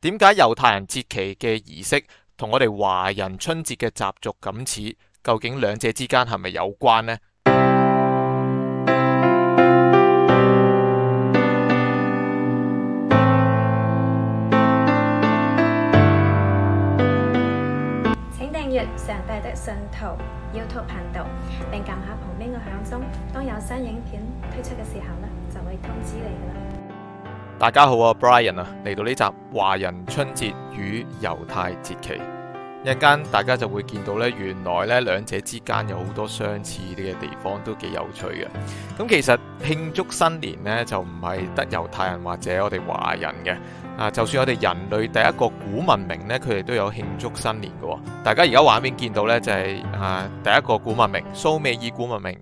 點解猶太人節期嘅儀式同我哋華人春節嘅習俗咁似？究竟兩者之間係咪有關呢？請訂閱上帝的信徒 YouTube 頻道，並撳下旁邊嘅響鐘，當有新影片推出嘅時候呢，就會通知你啦。大家好啊，Brian 啊，嚟到呢集華人春節與猶太節期，一陣間大家就會見到呢，原來呢兩者之間有好多相似啲嘅地方，都幾有趣嘅。咁其實慶祝新年呢，就唔係得猶太人或者我哋華人嘅，啊，就算我哋人類第一個古文明呢，佢哋都有慶祝新年㗎。大家而家畫面見到呢，就係啊，第一個古文明蘇美爾古文明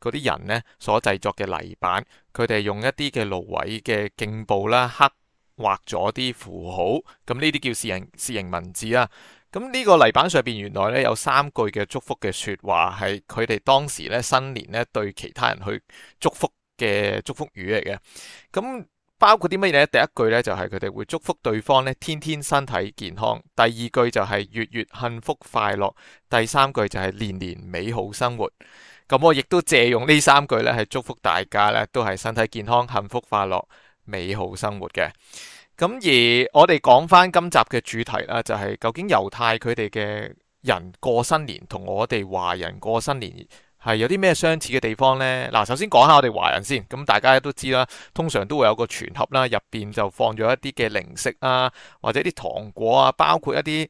嗰啲人呢所製作嘅泥板。佢哋用一啲嘅蘆葦嘅莖部啦，刻畫咗啲符號，咁呢啲叫楔形楔形文字啊。咁呢個泥板上邊原來咧有三句嘅祝福嘅説話，係佢哋當時咧新年咧對其他人去祝福嘅祝福語嚟嘅。咁包括啲乜嘢咧？第一句呢就係佢哋會祝福對方咧天天身體健康。第二句就係月月幸福快樂。第三句就係年年美好生活。咁我亦都借用呢三句呢，係祝福大家呢都係身體健康、幸福快樂、美好生活嘅。咁而我哋講翻今集嘅主題啦，就係、是、究竟猶太佢哋嘅人過新年，同我哋華人過新年係有啲咩相似嘅地方呢？嗱，首先講下我哋華人先。咁大家都知啦，通常都會有個全盒啦，入邊就放咗一啲嘅零食啊，或者啲糖果啊，包括一啲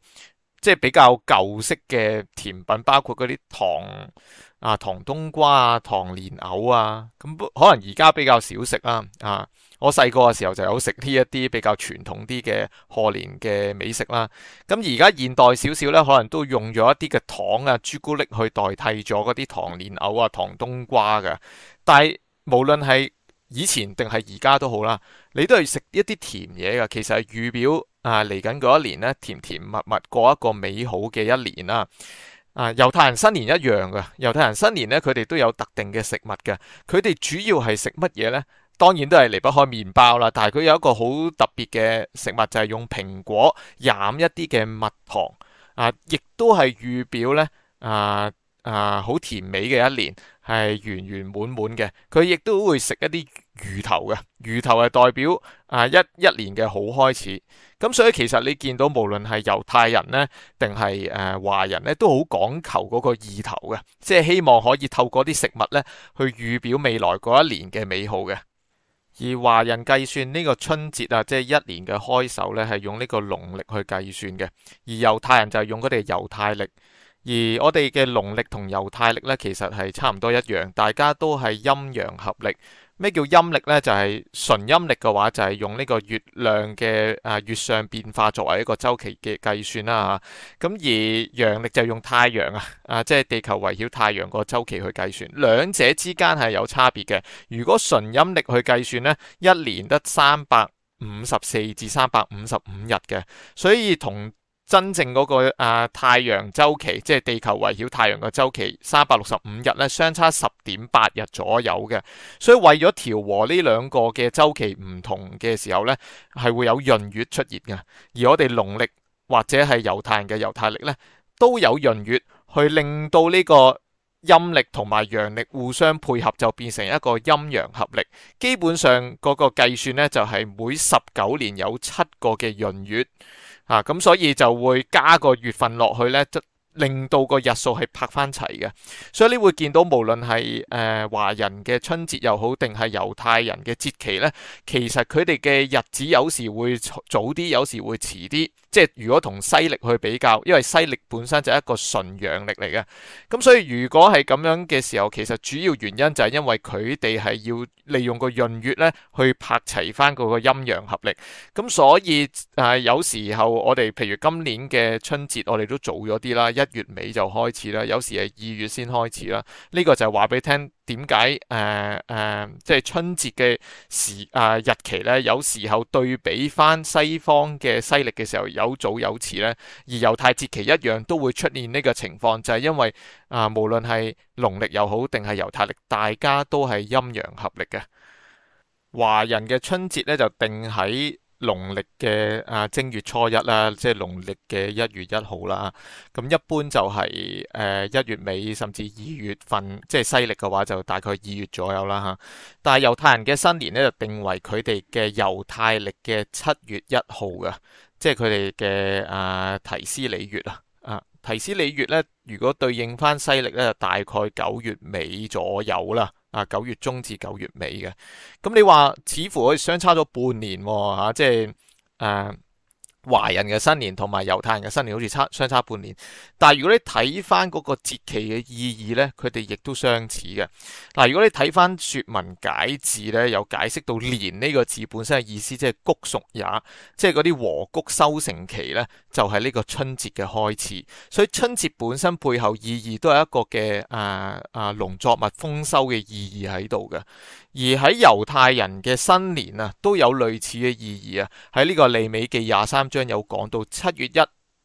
即係比較舊式嘅甜品，包括嗰啲糖。啊，糖冬瓜啊，糖蓮藕啊，咁可能而家比較少、啊、食啦。啊，我細個嘅時候就有食呢一啲比較傳統啲嘅賀年嘅美食啦。咁而家現，現代少少咧，可能都用咗一啲嘅糖啊、朱古力去代替咗嗰啲糖蓮藕啊、糖冬瓜噶。但係無論係以前定係而家都好啦，你都係食一啲甜嘢噶。其實係預表啊，嚟緊嗰一年咧，甜甜蜜蜜，蜜過一個美好嘅一年啦、啊。啊，猶太人新年一樣嘅，猶太人新年咧，佢哋都有特定嘅食物嘅，佢哋主要係食乜嘢呢？當然都係離不開麵包啦，但係佢有一個好特別嘅食物就係、是、用蘋果染一啲嘅蜜糖，啊，亦都係預表呢，啊啊，好甜美嘅一年係圓圓滿滿嘅，佢亦都會食一啲。魚頭嘅，魚頭係代表啊一一年嘅好開始，咁所以其實你見到無論係猶太人呢，定係誒華人呢，都好講求嗰個意頭嘅，即係希望可以透過啲食物呢，去預表未來嗰一年嘅美好嘅。而華人計算呢個春節啊，即係一年嘅開首呢，係用呢個農曆去計算嘅；而猶太人就係用佢哋猶太曆。而我哋嘅農曆同猶太曆呢，其實係差唔多一樣，大家都係陰陽合曆。咩叫陰曆咧？就係、是、純陰曆嘅話，就係用呢個月亮嘅啊月相變化作為一個週期嘅計算啦嚇。咁而陽曆就用太陽啊啊，即、就、係、是、地球圍繞太陽個週期去計算。兩者之間係有差別嘅。如果純陰曆去計算咧，一年得三百五十四至三百五十五日嘅，所以同真正嗰、那個、啊、太陽周期，即係地球圍繞太陽嘅周期，三百六十五日咧，相差十點八日左右嘅。所以為咗調和呢兩個嘅周期唔同嘅時候呢，係會有閏月出現嘅。而我哋農曆或者係猶太人嘅猶太曆呢，都有閏月去令到呢個陰曆同埋陽曆互相配合，就變成一個陰陽合曆。基本上嗰個計算呢，就係、是、每十九年有七個嘅閏月。啊，咁所以就會加個月份落去咧，令到個日數係拍翻齊嘅。所以你會見到無論係誒、呃、華人嘅春節又好，定係猶太人嘅節期咧，其實佢哋嘅日子有時會早啲，有時會遲啲。即係如果同西曆去比較，因為西曆本身就係一個純陽曆嚟嘅，咁所以如果係咁樣嘅時候，其實主要原因就係因為佢哋係要利用個閏月咧，去拍齊翻嗰個陰陽合曆，咁所以誒、啊、有時候我哋譬如今年嘅春節我哋都早咗啲啦，一月尾就開始啦，有時係二月先開始啦，呢、這個就係話俾你聽。點解誒誒，即係春節嘅時啊、呃、日期咧，有時候對比翻西方嘅西歷嘅時候有早有遲咧，而猶太節期一樣都會出現呢個情況，就係、是、因為啊、呃，無論係農曆又好定係猶太歷，大家都係陰陽合曆嘅。華人嘅春節咧就定喺，農曆嘅啊正月初一啦，即係農曆嘅一月一號啦。咁一般就係誒一月尾，甚至二月份，即係西曆嘅話就大概二月左右啦。嚇，但係猶太人嘅新年咧就定為佢哋嘅猶太曆嘅七月一號噶，即係佢哋嘅啊提斯里月啊。啊提斯里月咧，如果對應翻西曆咧，就大概九月尾左右啦。啊九月中至九月尾嘅，咁、嗯、你話似乎可以相差咗半年，喎、吓、啊、即係誒。啊華人嘅新年同埋猶太人嘅新年好似差相差半年，但係如果你睇翻嗰個節期嘅意義呢，佢哋亦都相似嘅。嗱，如果你睇翻説文解字呢，有解釋到年呢個字本身嘅意思，即係穀熟也，即係嗰啲禾穀收成期呢，就係呢個春節嘅開始。所以春節本身背後意義都係一個嘅啊啊農作物豐收嘅意義喺度嘅。而喺猶太人嘅新年啊，都有類似嘅意義啊，喺呢個利未記廿三有講到七月一、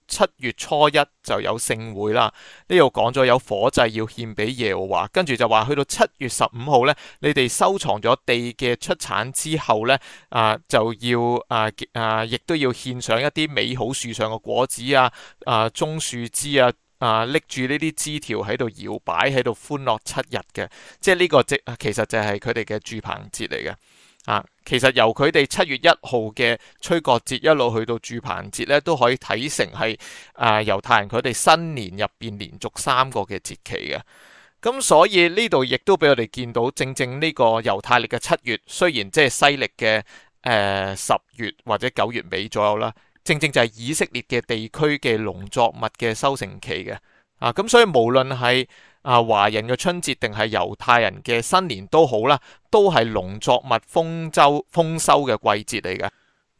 七月初一就有聖會啦，呢度講咗有火祭要獻俾耶和華，跟住就話去到七月十五號呢，你哋收藏咗地嘅出產之後呢，啊就要啊啊，亦、啊、都要獻上一啲美好樹上嘅果子啊，啊棕樹枝啊，啊拎住呢啲枝條喺度搖擺，喺度歡樂七日嘅，即係、這、呢個即其實就係佢哋嘅住棚節嚟嘅。啊，其實由佢哋七月一號嘅吹角節一路去到住棚節咧，都可以睇成係啊、呃、猶太人佢哋新年入邊連續三個嘅節期嘅。咁、啊、所以呢度亦都俾我哋見到，正正呢個猶太曆嘅七月，雖然即係西曆嘅誒十月或者九月尾左右啦、啊，正正就係以色列嘅地區嘅農作物嘅收成期嘅。啊，咁、啊、所以無論係啊，華人嘅春節定係猶太人嘅新年都好啦，都係農作物豐周豐收嘅季節嚟嘅。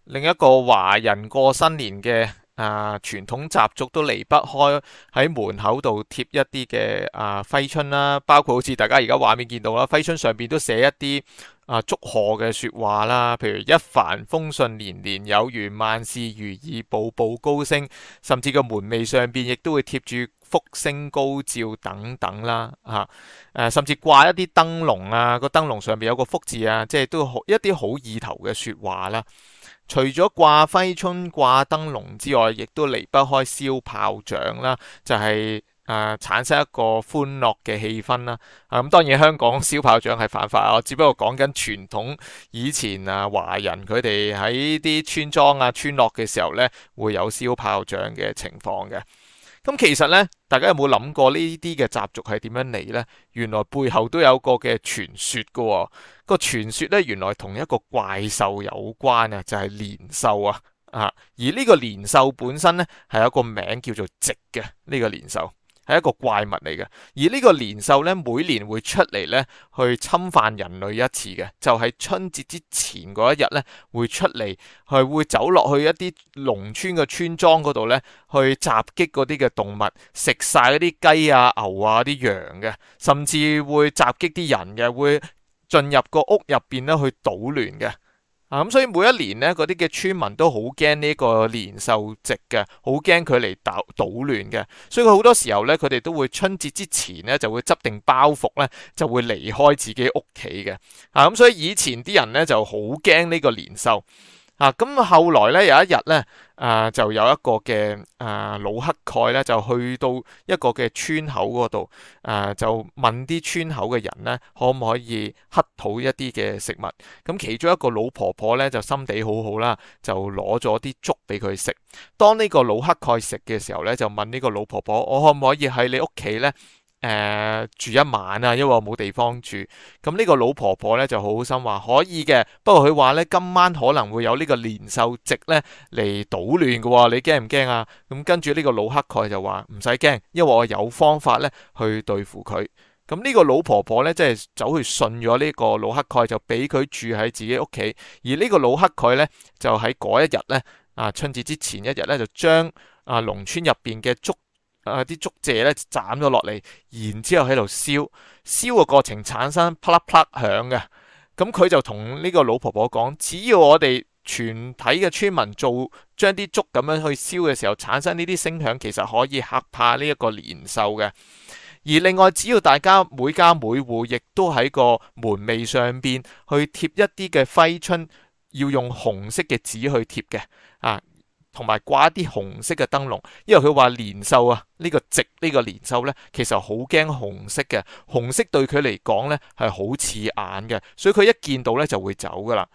另一個華人過新年嘅啊傳統習俗都離不開喺門口度貼一啲嘅啊揮春啦，包括好似大家而家畫面見到啦，揮春上邊都寫一啲啊祝賀嘅説話啦，譬如一帆風順、年年有餘、萬事如意、步步高升，甚至個門楣上邊亦都會貼住。福星高照等等啦，嚇、啊、誒，甚至掛一啲燈籠啊，個燈籠上面有個福字啊，即係都好一啲好意頭嘅説話啦。除咗掛揮春、掛燈籠之外，亦都離不開燒炮仗啦，就係、是、誒、啊、產生一個歡樂嘅氣氛啦。啊，咁當然香港燒炮仗係犯法啊，只不過講緊傳統以前啊華人佢哋喺啲村莊啊村落嘅時候呢，會有燒炮仗嘅情況嘅。咁其實咧，大家有冇諗過習呢啲嘅習俗係點樣嚟咧？原來背後都有個嘅傳說㗎喎、哦。這個傳說咧，原來同一個怪獸有關、就是、年獸啊，就係年獸啊啊！而呢個年獸本身咧，係有一個名叫做直嘅呢、這個年獸。係一個怪物嚟嘅，而呢個年獸咧每年會出嚟咧去侵犯人類一次嘅，就係春節之前嗰一日咧會出嚟，係會走落去一啲農村嘅村莊嗰度咧去襲擊嗰啲嘅動物，食晒嗰啲雞啊、牛啊、啲羊嘅，甚至會襲擊啲人嘅，會進入個屋入邊咧去搗亂嘅。啊！咁所以每一年咧，嗰啲嘅村民都好驚呢個年獸值嘅，好驚佢嚟搗搗亂嘅。所以佢好多時候咧，佢哋都會春節之前咧就會執定包袱咧，就會離開自己屋企嘅。啊！咁所以以前啲人咧就好驚呢個年獸。咁、啊、後來咧有一日咧，啊、呃、就有一個嘅啊、呃、老乞丐咧，就去到一個嘅村口嗰度，啊、呃、就問啲村口嘅人咧，可唔可以乞討一啲嘅食物？咁、嗯、其中一個老婆婆咧就心地好好啦，就攞咗啲粥俾佢食。當呢個老乞丐食嘅時候咧，就問呢個老婆婆：我可唔可以喺你屋企咧，誒、呃、住一晚啊，因為我冇地方住。咁呢個老婆婆咧就好好心話可以嘅，不過佢話咧今晚可能會有呢個年獸值咧嚟搗亂嘅喎，你驚唔驚啊？咁跟住呢個老乞丐就話唔使驚，因為我有方法咧去對付佢。咁呢個老婆婆咧即係走去信咗呢個老乞丐，就俾佢住喺自己屋企。而呢個老乞丐咧就喺嗰一日咧啊春節之前一日咧就將啊農村入邊嘅竹。啊！啲竹蔗咧斬咗落嚟，然之後喺度燒，燒嘅過程產生啪啦啪啦響嘅。咁佢就同呢個老婆婆講：只要我哋全體嘅村民做將啲竹咁樣去燒嘅時候，產生呢啲聲響，其實可以嚇怕呢一個年獸嘅。而另外，只要大家每家每戶亦都喺個門楣上邊去貼一啲嘅揮春，要用紅色嘅紙去貼嘅，啊！同埋掛一啲紅色嘅燈籠，因為佢話年獸啊，呢、呢個值呢、呢個年獸呢，其實好驚紅色嘅，紅色對佢嚟講呢係好刺眼嘅，所以佢一見到呢就會走噶啦。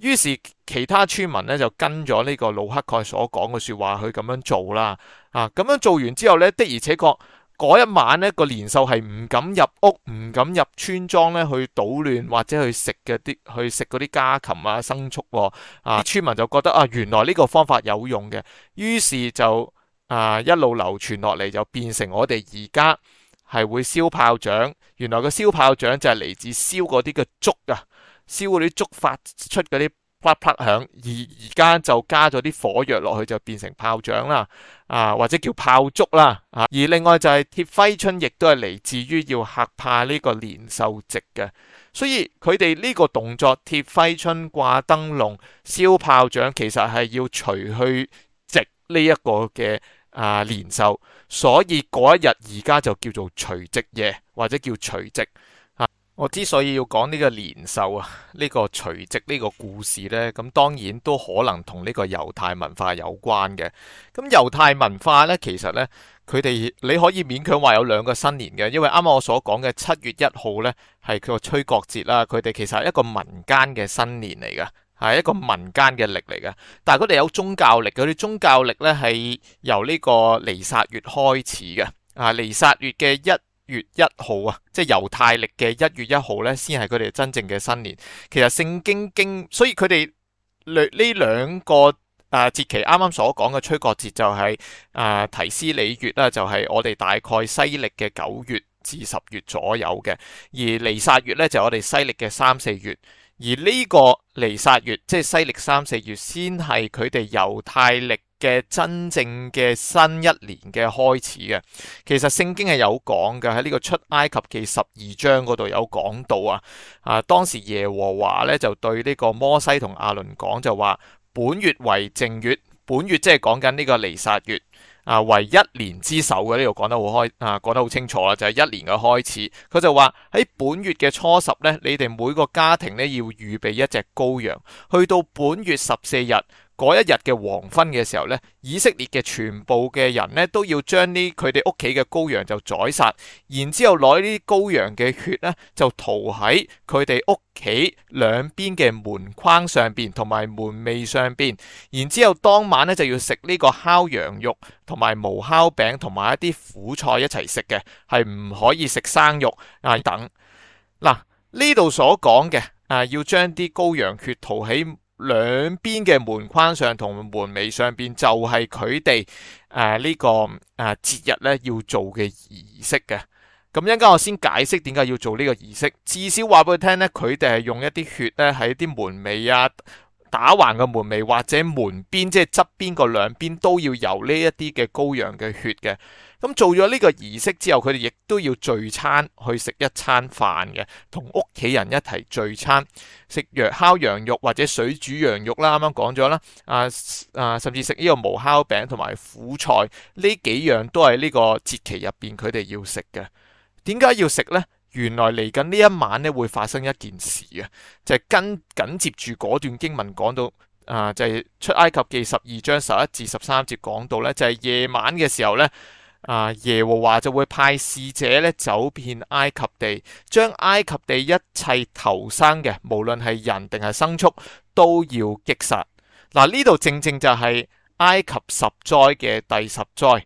於是其他村民呢就跟咗呢個老乞丐所講嘅説話，佢咁樣做啦，啊，咁樣做完之後呢，的而且確。嗰一晚咧，個年獸係唔敢入屋，唔敢入村莊咧去搗亂或者去食嗰啲去食嗰啲家禽啊、牲畜啊，啊村民就覺得啊原來呢個方法有用嘅，於是就啊一路流傳落嚟就變成我哋而家係會燒炮仗，原來個燒炮仗就係嚟自燒嗰啲嘅竹啊，燒嗰啲竹發出嗰啲。啪啪響，而而家就加咗啲火藥落去，就變成炮仗啦，啊或者叫炮竹啦，啊而另外就係貼揮春，亦都係嚟自於要嚇怕呢個年獸夕嘅，所以佢哋呢個動作貼揮春、掛燈籠、燒炮仗，其實係要除去夕呢一個嘅啊年獸，所以嗰一日而家就叫做除夕夜或者叫除夕。我之所以要講呢個年獸啊，呢、呢個除夕呢個故事呢，咁當然都可能同呢個猶太文化有關嘅。咁猶太文化呢，其實呢，佢哋你可以勉強話有兩個新年嘅，因為啱啱我所講嘅七月一號咧係佢個吹角節啦，佢哋其實係一個民間嘅新年嚟噶，係一個民間嘅歷嚟噶。但係佢哋有宗教歷，嗰啲宗教歷呢係由呢個尼撒月開始嘅。啊，尼撒月嘅一。1> 1月一號啊，即係猶太歷嘅一月一號呢，先係佢哋真正嘅新年。其實聖經經，所以佢哋兩呢兩個啊節期啱啱所講嘅吹角節就係、是、啊、呃、提斯里月啦，就係、是、我哋大概西歷嘅九月至十月左右嘅。而尼撒月呢，就是、我哋西歷嘅三四月，而呢個尼撒月即係西歷三四月先係佢哋猶太歷嘅真正嘅新一年嘅開始嘅，其實聖經係有講嘅，喺呢個出埃及記十二章嗰度有講到啊。啊，當時耶和華咧就對呢個摩西同亞倫講就話，本月為正月，本月即係講緊呢個尼薩月啊，為一年之首嘅，呢度講得好開啊，講得好清楚啦，就係一年嘅開始。佢就話喺本月嘅初十呢，你哋每個家庭呢，要預備一隻羔羊，去到本月十四日。嗰一日嘅黃昏嘅時候呢，以色列嘅全部嘅人呢都要將呢佢哋屋企嘅羔羊就宰殺，然之後攞呢啲羔羊嘅血呢，就塗喺佢哋屋企兩邊嘅門框上邊同埋門楣上邊。然之後當晚呢，就要食呢個烤羊肉同埋無酵餅同埋一啲苦菜一齊食嘅，係唔可以食生肉。嗌、啊、等嗱呢度所講嘅啊，要將啲羔羊血塗喺兩邊嘅門框上同門楣上邊，就係佢哋誒呢個誒、呃、節日咧要做嘅儀式嘅。咁一陣間我先解釋點解要做呢個儀式，至少話俾佢聽呢，佢哋係用一啲血咧喺啲門楣啊。打橫嘅門楣，或者門邊，即係側邊個兩邊都要有呢一啲嘅羔羊嘅血嘅。咁做咗呢個儀式之後，佢哋亦都要聚餐去食一餐飯嘅，同屋企人一齊聚餐，食羊烤羊肉或者水煮羊肉啦。啱啱講咗啦，啊啊，甚至食呢個無酵餅同埋苦菜，呢幾樣都係呢個節期入邊佢哋要食嘅。點解要食呢？原來嚟緊呢一晚咧會發生一件事嘅，就係跟緊接住嗰段經文講到啊，就係出埃及記十二章十一至十三節講到呢，就係夜晚嘅時候呢，啊耶和華就會派使者呢，走遍埃及地，將埃及地一切頭生嘅，無論係人定係牲畜，都要擊殺。嗱呢度正正就係埃及十災嘅第十災，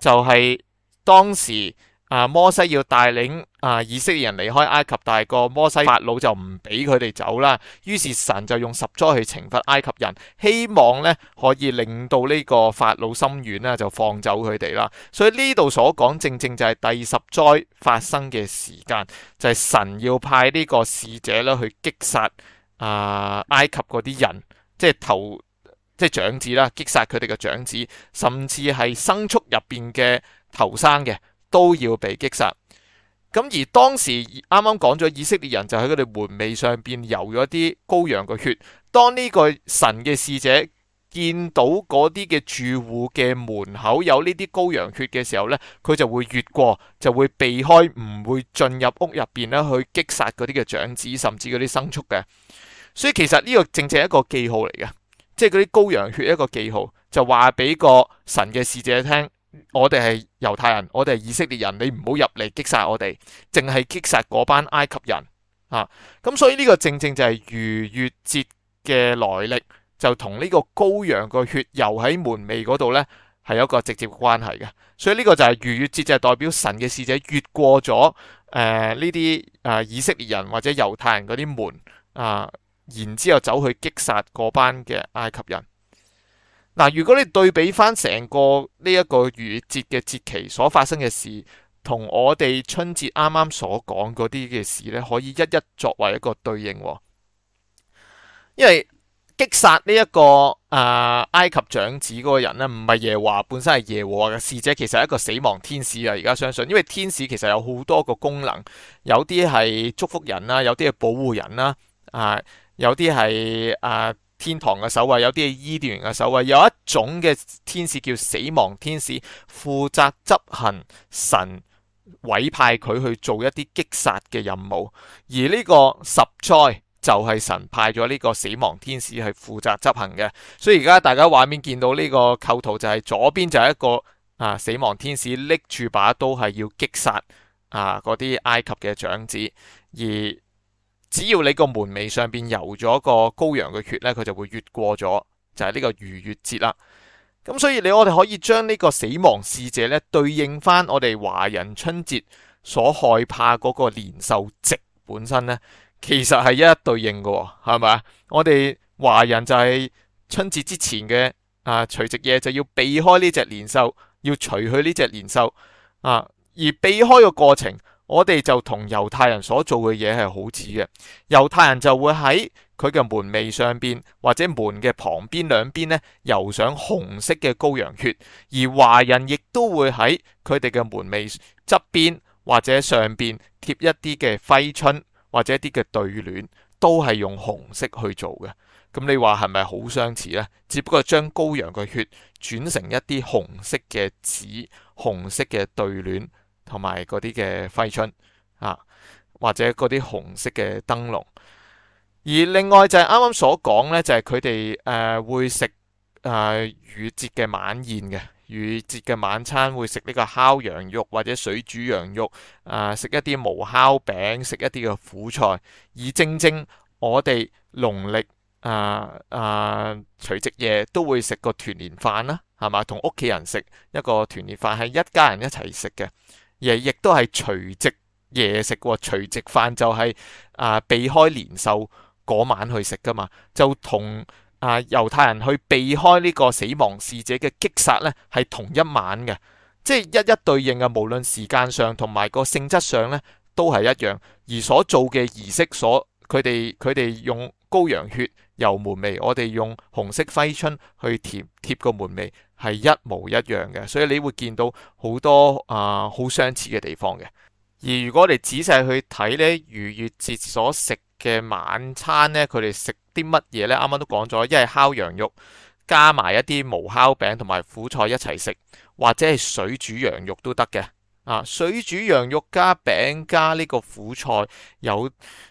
就係當時。啊！摩西要帶領啊以色列人離開埃及，但係個摩西法老就唔俾佢哋走啦。於是神就用十災去懲罰埃及人，希望咧可以令到呢個法老心軟啦，就放走佢哋啦。所以呢度所講正正就係第十災發生嘅時間，就係神要派呢個使者咧去擊殺啊埃及嗰啲人，即係頭即係長子啦，擊殺佢哋嘅長子，甚至係牲畜入邊嘅頭生嘅。都要被擊殺。咁而當時啱啱講咗，以色列人就喺佢哋門楣上邊游咗啲羔羊嘅血。當呢個神嘅使者見到嗰啲嘅住戶嘅門口有呢啲羔羊血嘅時候呢，佢就會越過，就會避開，唔會進入屋入邊咧去擊殺嗰啲嘅長子，甚至嗰啲牲畜嘅。所以其實呢個正正係一個記號嚟嘅，即係嗰啲羔羊血一個記號，就話俾個神嘅使者聽。我哋係猶太人，我哋係以色列人，你唔好入嚟擊殺我哋，淨係擊殺嗰班埃及人啊！咁所以呢個正正就係逾越節嘅來歷，就同呢個羔羊個血游喺門楣嗰度呢，係有一個直接關係嘅。所以呢個就係逾越節就係、是、代表神嘅使者越過咗誒呢啲誒以色列人或者猶太人嗰啲門啊，然之後走去擊殺嗰班嘅埃及人。嗱，如果你對比翻成個呢一個逾越節嘅節期所發生嘅事，同我哋春節啱啱所講嗰啲嘅事呢，可以一一作為一個對應。因為擊殺呢、這、一個啊、呃、埃及長子嗰個人呢，唔係耶和華本身，係耶和華嘅使者，其實係一個死亡天使啊！而家相信，因為天使其實有好多個功能，有啲係祝福人啦，有啲係保護人啦，啊、呃，有啲係啊。呃天堂嘅守衛有啲係伊甸園嘅守衛，有一種嘅天使叫死亡天使，負責執行神委派佢去做一啲擊殺嘅任務。而呢個十災就係神派咗呢個死亡天使去負責執行嘅。所以而家大家畫面見到呢個構圖就係左邊就係一個啊死亡天使拎住把刀係要擊殺啊嗰啲埃及嘅長子，而只要你個門楣上邊揉咗個羔羊嘅血咧，佢就會越過咗，就係、是、呢個逾越節啦。咁所以你我哋可以將呢個死亡使者咧對應翻我哋華人春節所害怕嗰個年獸值本身咧，其實係一一對應嘅、哦，係咪啊？我哋華人就係春節之前嘅啊，除夕夜就要避開呢隻年獸，要除去呢隻年獸啊，而避開嘅過程。我哋就同猶太人所做嘅嘢係好似嘅，猶太人就會喺佢嘅門楣上邊或者門嘅旁邊兩邊呢，油上紅色嘅羔羊血；而華人亦都會喺佢哋嘅門楣側邊或者上邊貼一啲嘅揮春或者一啲嘅對聯，都係用紅色去做嘅。咁你話係咪好相似呢？只不過將羔羊嘅血轉成一啲紅色嘅紙、紅色嘅對聯。同埋嗰啲嘅揮春啊，或者嗰啲紅色嘅燈籠。而另外就係啱啱所講呢，就係佢哋誒會食誒、呃、逾越節嘅晚宴嘅逾越節嘅晚餐會食呢個烤羊肉或者水煮羊肉啊，呃，食一啲無酵餅，食一啲嘅苦菜。而正正我哋農曆啊啊除夕夜都會食個團年飯啦，係嘛？同屋企人食一個團年飯，係一家人一齊食嘅。亦都係除夕嘢食喎，除夕飯就係、是、啊避開年獸嗰晚去食㗎嘛，就同啊猶太人去避開呢個死亡使者嘅擊殺呢，係同一晚嘅，即係一一對應嘅，無論時間上同埋個性質上呢，都係一樣，而所做嘅儀式所，所佢哋佢哋用羔羊血油門楣，我哋用紅色揮春去貼貼個門楣，係一模一樣嘅，所以你會見到好多啊好、呃、相似嘅地方嘅。而如果你仔細去睇呢，逾越節所食嘅晚餐呢，佢哋食啲乜嘢呢？啱啱都講咗，一係烤羊肉，加埋一啲無酵餅同埋苦菜一齊食，或者係水煮羊肉都得嘅。啊！水煮羊肉加餅加呢個苦菜，有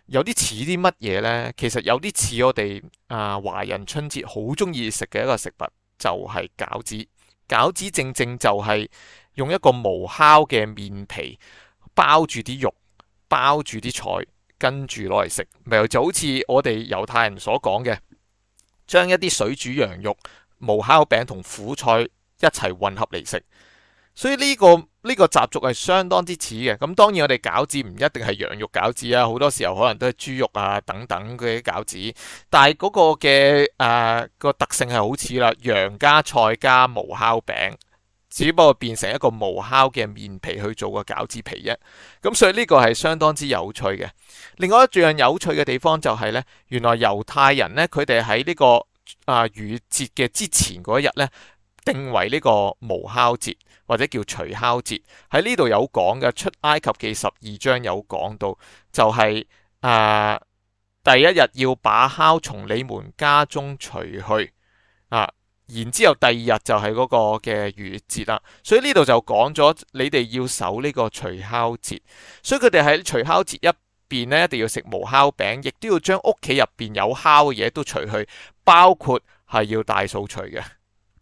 有啲似啲乜嘢呢？其實有啲似我哋啊華人春節好中意食嘅一個食物，就係餃子。餃子正正就係用一個無酵嘅麵皮包住啲肉，包住啲菜，跟住攞嚟食。咪就好似我哋猶太人所講嘅，將一啲水煮羊肉、無酵餅同苦菜一齊混合嚟食。所以呢個。呢個習俗係相當之似嘅，咁當然我哋餃子唔一定係羊肉餃子啊，好多時候可能都係豬肉啊等等嗰啲餃子，但係嗰個嘅誒、呃那個特性係好似啦，羊加菜加無酵餅，只不過變成一個無酵嘅麵皮去做個餃子皮啫。咁所以呢個係相當之有趣嘅。另外一樣有趣嘅地方就係、是、呢，原來猶太人呢，佢哋喺呢個啊、呃、逾節嘅之前嗰一日呢，定為呢個無酵節。或者叫除酵節喺呢度有講嘅，《出埃及記》十二章有講到，就係、是、啊、呃、第一日要把酵從你們家中除去啊，然之後第二日就係嗰個嘅逾越節啦。所以呢度就講咗你哋要守呢個除酵節，所以佢哋喺除酵節一邊呢，一定要食無酵餅，亦都要將屋企入邊有酵嘅嘢都除去，包括係要大掃除嘅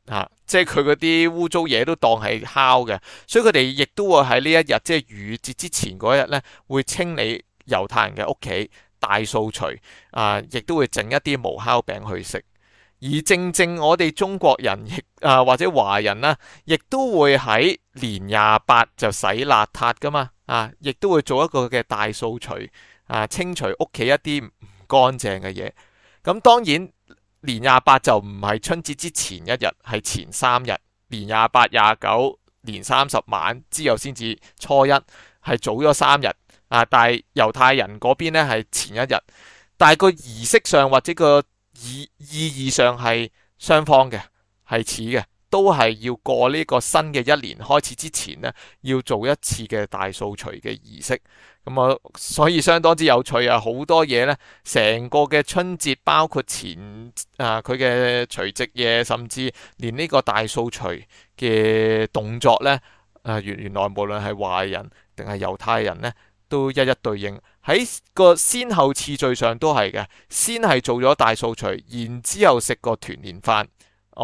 啊。即係佢嗰啲污糟嘢都當係烤嘅，所以佢哋亦都會喺呢一日即係逾越節之前嗰一日呢，會清理猶太人嘅屋企大掃除啊，亦、呃、都會整一啲無酵餅去食。而正正我哋中國人亦啊、呃、或者華人呢，亦都會喺年廿八就洗邋遢㗎嘛啊，亦、呃、都會做一個嘅大掃除啊，清除屋企一啲唔乾淨嘅嘢。咁、嗯、當然。年廿八就唔係春節之前一日，係前三日。年廿八、廿九、年三十晚之後先至初一，係早咗三日。啊，但係猶太人嗰邊呢，係前一日，但係個儀式上或者個意意義上係雙方嘅，係似嘅。都係要過呢個新嘅一年開始之前呢，要做一次嘅大掃除嘅儀式。咁、嗯、啊，所以相當之有趣啊！好多嘢呢，成個嘅春節包括前啊佢嘅除夕夜，甚至連呢個大掃除嘅動作呢，誒、呃，原來無論係華人定係猶太人呢，都一一對應喺個先後次序上都係嘅。先係做咗大掃除，然之後食個團年飯。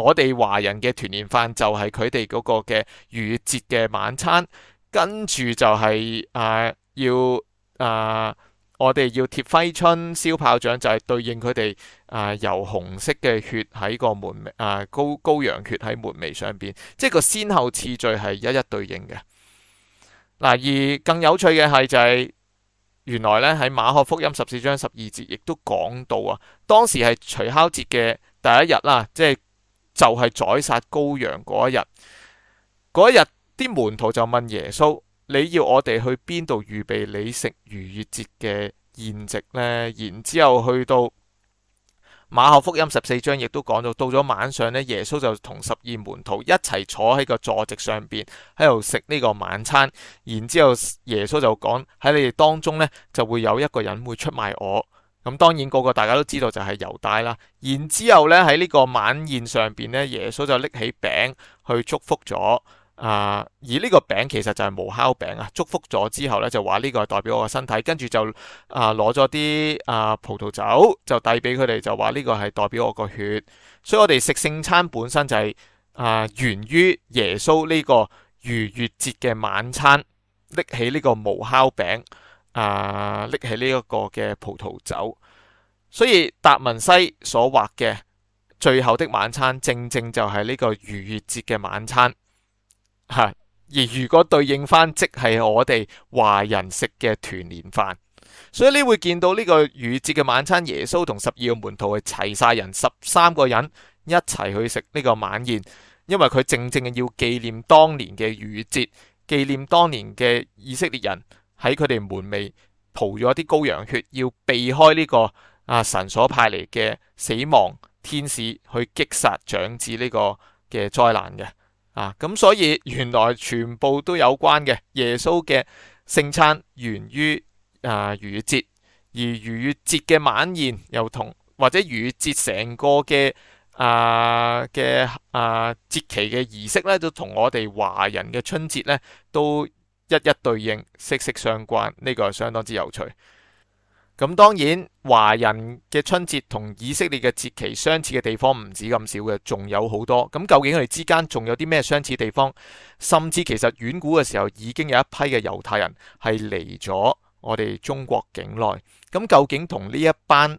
我哋華人嘅團年飯就係佢哋嗰個嘅逾節嘅晚餐，跟住就係、是、啊、呃、要啊、呃，我哋要貼揮春、燒炮仗，就係對應佢哋啊由紅色嘅血喺個門啊、呃、高高羊血喺門楣上邊，即係個先後次序係一一對應嘅嗱。而更有趣嘅係就係、是、原來呢喺馬可福音十四章十二節亦都講到啊，當時係除酵節嘅第一日啦，即係。就係宰殺羔羊嗰一日，嗰一日啲門徒就問耶穌：你要我哋去邊度預備你食逾越節嘅宴席呢？」然之後去到馬可福音十四章，亦都講到到咗晚上呢，耶穌就同十二門徒一齊坐喺個坐席上邊，喺度食呢個晚餐。然之後耶穌就講，喺你哋當中呢，就會有一個人會出賣我。咁當然個個大家都知道就係猶大啦，然之後呢，喺呢個晚宴上邊咧，耶穌就拎起餅去祝福咗啊、呃，而呢個餅其實就係無酵餅啊，祝福咗之後呢，就話呢個係代表我個身體，跟住就啊攞咗啲啊葡萄酒就遞俾佢哋就話呢個係代表我個血，所以我哋食聖餐本身就係、是、啊、呃、源於耶穌呢個逾越節嘅晚餐拎起呢個無酵餅。啊！拎起呢一個嘅葡萄酒，所以達文西所畫嘅《最後的晚餐》正正就係呢個逾越節嘅晚餐，吓、啊。而如果對應翻，即係我哋華人食嘅團年飯，所以你會見到呢個逾越節嘅晚餐，耶穌同十二個門徒去齊晒人十三個人一齊去食呢個晚宴，因為佢正正嘅要紀念當年嘅逾越節，紀念當年嘅以色列人。喺佢哋門楣，塗咗啲羔羊血，要避開呢個啊神所派嚟嘅死亡天使去擊殺長子呢個嘅災難嘅啊，咁所以原來全部都有關嘅耶穌嘅聖餐源於啊逾越節，而逾越節嘅晚宴又同或者逾越節成個嘅啊嘅啊節期嘅儀式咧，都同我哋華人嘅春節咧都。一一對應，息息相關，呢個相當之有趣。咁當然，華人嘅春節同以色列嘅節期相似嘅地方唔止咁少嘅，仲有好多。咁究竟佢哋之間仲有啲咩相似地方？甚至其實遠古嘅時候已經有一批嘅猶太人係嚟咗我哋中國境內。咁究竟同呢一班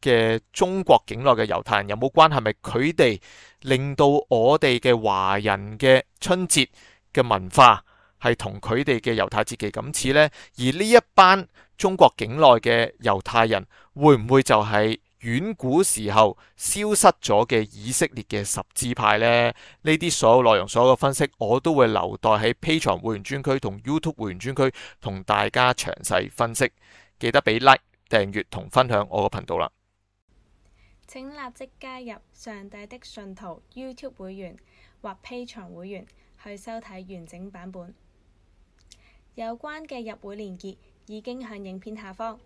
嘅中國境內嘅猶太人有冇關係？係咪佢哋令到我哋嘅華人嘅春節嘅文化，係同佢哋嘅猶太節期咁似呢。而呢一班中國境內嘅猶太人，會唔會就係遠古時候消失咗嘅以色列嘅十支派呢？呢啲所有內容、所有嘅分析，我都會留待喺 Patreon 會員專區同 YouTube 會員專區同大家詳細分析。記得俾 like、訂閱同分享我個頻道啦！請立即加入上帝的信徒 YouTube 會員或 Patreon 會員去收睇完整版本。有關嘅入會連結已經向影片下方。